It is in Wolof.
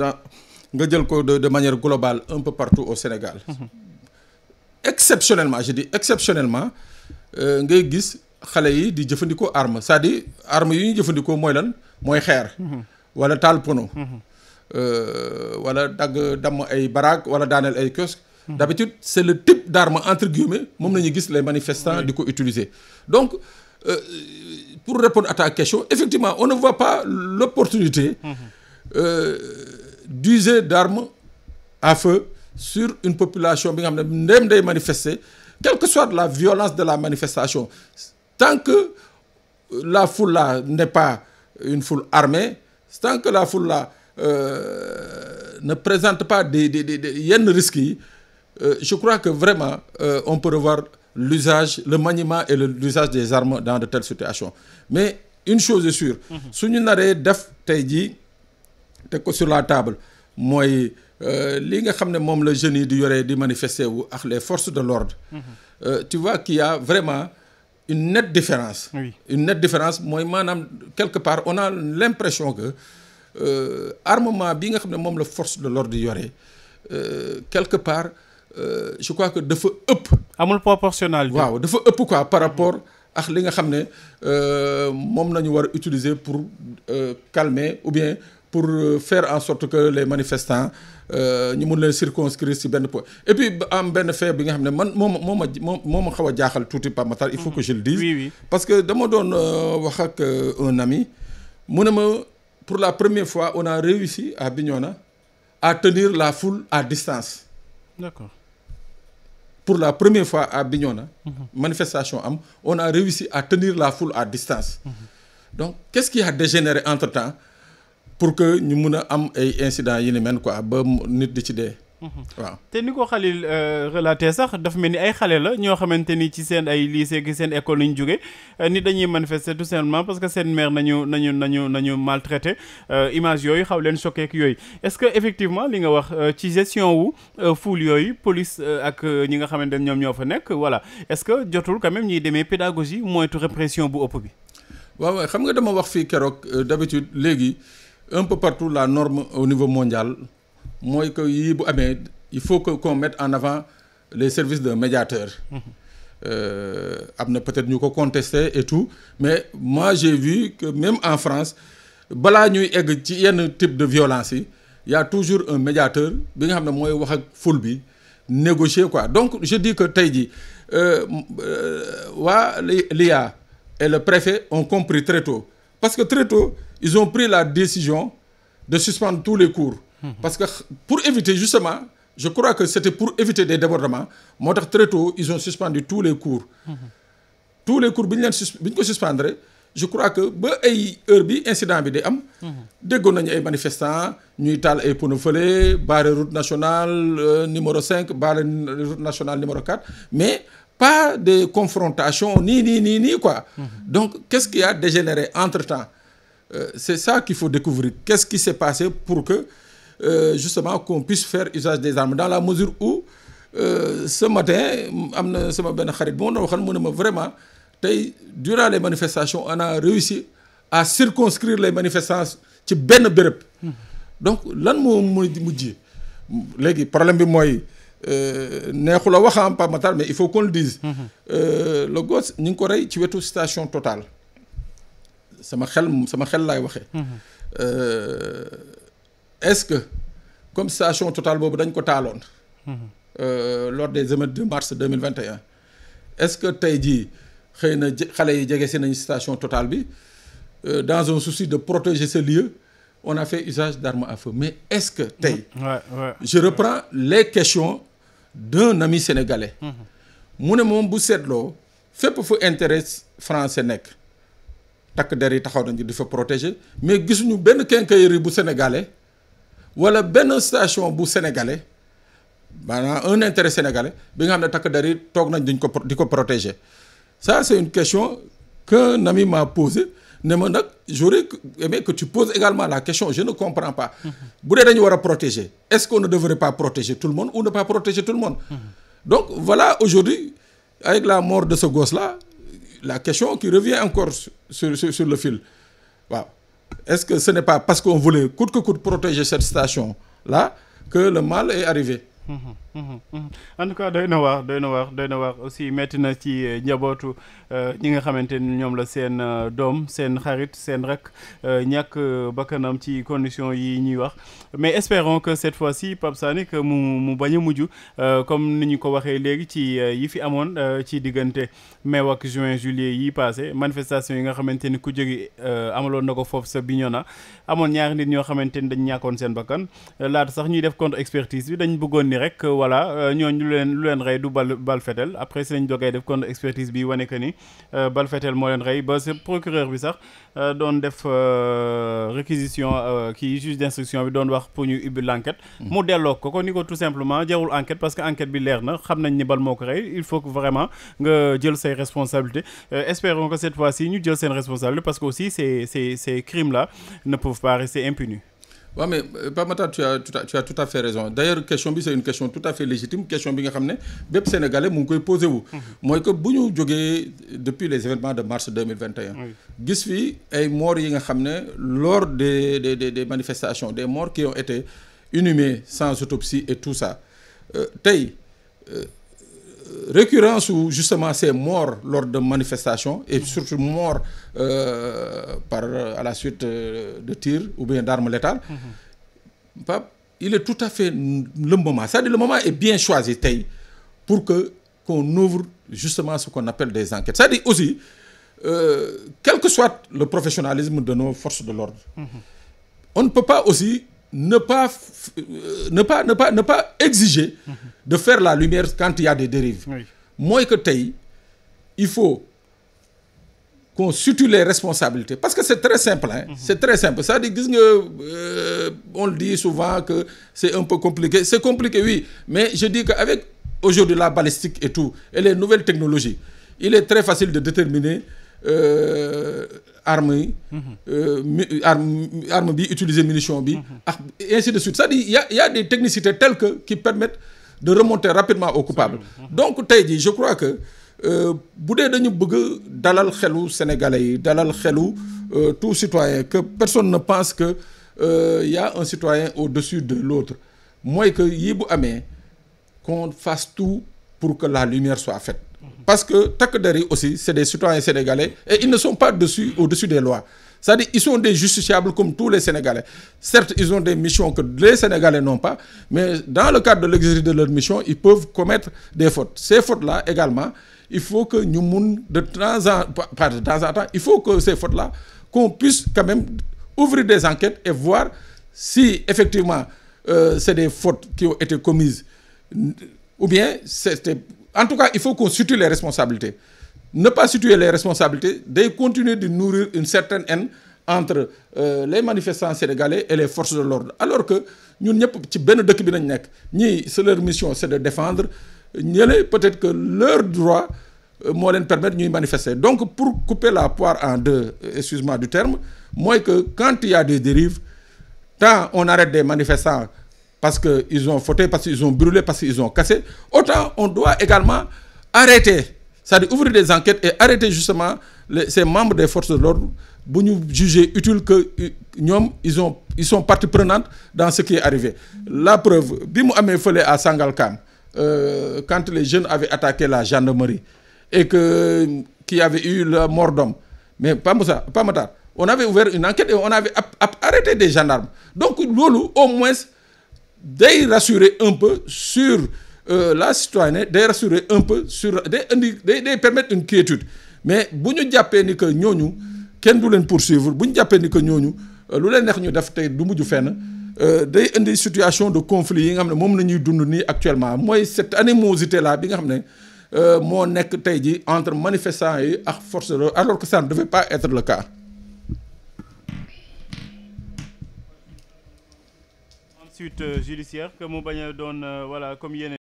dans nga jël ko de de manière globale un peu partout au Sénégal. Mm-hmm. exceptionnellement je exceptionnellement euh, ngay gis xale yi di jëfandikoo arme c'est-à-dire arme yi ñuy jëfandikoo mooy lan mooy xeer. Mm-hmm. wala taal pono. Mm-hmm. Euh, wala dagg damm ay baraag wala daaneel ay kiosque. d'habitude c'est le type d'arme entre guillemets moom la ñuy gis les manifestants di ko utiliser donc. Euh, pour répondre à ta question, effectivement, on ne voit pas l'opportunité. Euh, d'user d'armes à feu sur une population bi nga xam ne ndéem day manifester quelle que soit la violence de la manifestation tant que la foule la n'est pas une foule armée tant que la foule la euh, ne présente pas des des des yenn risques yi euh, je crois que vraiment euh, on peut revoir l'usage le maniement et l'usage des armes dans de telle situation mais une chose est sûre. Mhm. su ñu naree def tey jii. teg ko sur la table mooy euh, li nga xam ne moom la jeunes yi di yore di manifester wu ak les forces de l'ordre mm-hmm. euh, tu vois qu'il a vraiment une nette différence oui. une nette différence mooy maanaam quelque part on a l'impression que euh, armement bi nga xam ne moom la force de l'ordre di yore euh, quelque part euh, je crois que dafa ëpp amul proportionnel waaw dafa ëpp quoi par rapport ak li nga xam ne moom nañu war a utiliser pour euh, calmer ou bien pour euh, faire en sorte que les manifestants euh, ñu mun leen circonscrire ci benn point et puis am benn fait bi nga xam ne man moo ma moo ma moo ma xaw a jaaxal tuuti Pape Matar il faut que je le dise oui, oui. parce que dama doon euh, wax ak un ami mu ne ma pour la première fois on a réussi à Bignona à tenir la foule à distance d'accord pour la première fois à Bignona mm -hmm. manifestation am on a réussi à tenir la foule à distance mm -hmm. donc qu'est-ce qui a dégénéré entre-temps pour que ñu mun a am ay incidents yi ni mel quoi ba nit di ci dee. Mhm. waaw te ni ko Khalil euh, relaté sax daf mel ni ay xale la ñoo xamante ni ci seen ay lycée ki seen école lañu jóge euh, ni dañuy manifester tout simplement parce que seen maire nañu nañu nañu nañu maltraité euh, image yooyu xaw leen choqué yooyu est-ce que effectivement li nga wax ci gestion wu foule yooyu police ak ñi nga xamante ne ñoom ñoo fa nekk voilà est-ce que jotul quand même ñuy demee pédagogie moytu répression bu ëpp bi waaw waaw xam léegi un peu partout la norme au niveau mondial mooy que yii bu amee il faut que qu'on en avant les services de médiateur euh, am na peut-être ñu ko contester et tout mais moi j'ai vu que même en France balaa ñuy egg ci yenn type de violence yi y toujours un médiateur bi nga xam ne mooy wax ak foule bi négocier quoi donc je dis que tey jii euh, euh, waa l'IA et le préfet on compris très tôt parce que très tôt ils ont pris la décision de suspendre tous les cours. parce que pour éviter justement je crois que c'était pour éviter des débordements moo tax très tôt ils ont suspendu tous les cours. tous les cours bi ñu leen ko suspendre je crois que ba ay heure bi incident bi day am. déggoon nañu ay manifestants ñuy taal ay pneus fële barre route nationale euh, numéro cinq barre route nationale numéro 4 mais. pas de confrontation nii nii nii nii quoi. Mhm. donc qu'est-ce qui a dégénéré entre-temps. Euh, c'est ça qu'il faut découvrir qu'est-ce qui s'est passé pour que euh, justement qu'on puisse faire usage des armes dans la mesure où euh, ce matin am na sama benn xarit bu ma doon waxal mu ne ma vraiment tey durant les manifestations on a réussi à circonscrire les manifestants ci benn béréb. Hmm. donc lan moo mooy ji léegi problème bi mooy neexu la waxam Pape Matar mais il faut qu'on le dise. Hmm. le gosse ñu ngi ko rey ci wetu station totale. sama xel sama xel laay waxee. Mhm. Euh, est-ce que comme station Total boobu dañ ko taaloon. Mhm. Euh, lors des émeutes de mars deux mille vingt et est-ce que tey jii xëy na xale yi jege si nañu station Total bi euh, dans un souci de protéger ce lieu on a fait usage d'armes à mais est-ce que tey. je reprends les questions d'un ami sénégalais. Mhm. mu ne moom bu seetloo fépp fu intérêt français nekk. takk der yi taxaw nañu di fa protéger mais gisuñu benn quincaillerie bu sénégalais wala benn station bu sénégalais maanaam un intérêt sénégalais bi nga xam ne takk der yi toog nañ duñ ko di ko protéger ça c'est une question qu'un ami m'a posée ne ma nag j'aurais aimé que tu poses également la question je ne comprends pas mm-hmm. bu dee dañu war a protéger est-ce qu'on ne devrait pas protéger tout le monde ou ne pas protéger tout le monde mm-hmm. donc voilà aujourd'hui avec la mort de ce gosse là la question qui revient encore sur, sur, sur le fil. Wow. Est-ce que ce n'est pas parce qu'on voulait coûte que coûte protéger cette station-là que le mal est arrivé Mhm, mhm, mhm. en tout cas doy na waar doy na waar doy na waar aussi metti na ci euh, njabootu euh, ñi nga xamante ni ñoom la seen euh, doom seen xarit seen rak ñàkk bakkanam ci condition yi ñuy wax mais espérons que cette fois-ci Pape Sané mu mu bañ a mujj comme ni ñu ko waxee léegi ci yi fi amoon ci diggante mais wak juin juillet yi passé manifestation yi nga xamante ni ku jógi amaloon na ko foofu sa na amoon ñaari nit ñoo xamante ni dañ ñàkkoon seen bakkan laata sax ñuy def rek euh, voilà euh, ñooñ lu leen lu leen rey du bal bal fetel après si lañ dogay def kon expertise bi wane que ni euh, bal fetel moo leen rey ba sa procureur bi sax doon def réquisition kii juge d'instruction bi doon wax pour ñu ubbi l'enquête hmm. mu delloo ko ko ni ko tout simplement jarul enquête parce que enquête bi leer na xam nañ ni bal moo ko rey il faut que vraiment nga jël say responsabilités espérons que cette fois-ci ñu jël seen responsabilité parce que aussi ces ces ces crimes là ne waaw mais euh, Pape Matar tu as tu as tu as tout à fait raison d'ailleurs question bi c'est une question tout à fait légitime question bi nga xam ne bépp sénégalais mu koy posé mhm. mooy que bu ñu jógee depuis les événements de mars deux mille vingt et un gis fi ay morts yi nga xam ne lors des des des manifestation des morts qui ont été inhumées sans autopsie et tout ça euh, tey. Euh, récurrence ou justement ces morts lors de manifestations et surtout morts euh, par à la suite euh, de tirs ou bien d'armes létales mm-hmm. Pape il est tout à fait le moment c'est-à-dire le moment est bien choisi tey pour que qu'on ouvre justement ce qu'on appelle des enquêtes c'est-à-dire aussi euh, quel que soit le professionnalisme de nos forces de l'ordre mm-hmm. on ne peut pas aussi ne pas euh, ne pas ne pas ne pas exiger de faire la lumière quand il y des dérives oui. mooy que tey il faut qu'on situe les responsabilités parce que c'est très simple hein. Mm -hmm. c'est très simple c'est-à-dire gis nga euh, on le dit souvent que c'est un peu compliqué c'est compliqué oui mais je dis que avec aujourd'hui la balistique et tout et les nouvelles technologies il est très facile de déterminer euh, arm yi. Euh, mi arme bi utiliser munition bi. ak ainsi de suite c'est-à-dire y a y telles qui permettent de remonter rapidement au coupable. donc tey jii je crois que euh, bu dee dañu bëgg dalal xelu sénégalais yi dalal xelu euh, tout citoyen que personne ne pense que euh, y a un citoyen au-dessus de l'autre mooy que yii bu amee qu'on fasse tout pour que la lumière soit faite. parce que takk der yi aussi c'est des citoyens sénégalais et ils ne sont pas dessus au-dessus des lois c'est-à-dire ils sont des justiciables comme tous les Sénégalais certes ils ont des missions que les Sénégalais n'ont pas mais dans le cadre de l'exercice de leur mission ils peuvent commettre des fautes ces fautes-là également il faut que ñu mun de temps en pas de temps en temps il faut que ces fautes-là qu'on puisse quand même ouvrir des enquêtes et voir si effectivement euh, c'est des fautes qui ont été commises ou bien en tout cas il faut qu'on situe les responsabilités ne pas situer les responsabilités day continuer de nourrir une certaine haine entre euh, les manifestants sénégalais et les forces de l'ordre alors que ñu ñëpp ci benn dëkk bi nañu nekk ñii c'est leur mission c'est de défendre ñële peut-être que leur droit euh, moo leen permettre ñuy manifester donc pour couper la poire en deux excuse-moi du terme mooy que quand il y a des dérives tant on arrête des manifestants parce qu'ils ont fauté, parce qu'ils ont brûlé, parce qu'ils ont cassé, autant on doit également arrêter, c'est-à-dire ouvrir des enquêtes et arrêter justement les, ces membres des forces de l'ordre bu ñu juger utile que ñoom ils ont ils partie prenante dans ce qui est arrivé la preuve bi mu amee fële à Sangalkam euh, quand les jeunes avaient attaqué la gendarmerie et que qu'il y avait eu la mort mais Pa Moussa Pa Matar on avait ouvert une enquête et on avait arrêté des gendarmes donc loolu day rassurer un peu sur euh, la citoyenneté day rassurer un peu sur day indi day day permettre une quiétude mais bu ñu jàppee ni que ñooñu kenn du leen poursuivre bu ñu jàppee ni que ñooñu euh, lu leen neex ñu def tey du mujj fenn euh, day indi situation de conflit yi nga xam ne moom la ñuy dund nii actuellement mooy cette animosité là bi nga xam ne euh, moo nekk tey ji entre manifestant yi ak force alors que ça ne devait pas être le cas suite euh, judiciaire que mu bañ a doon euh, voilà comme yéen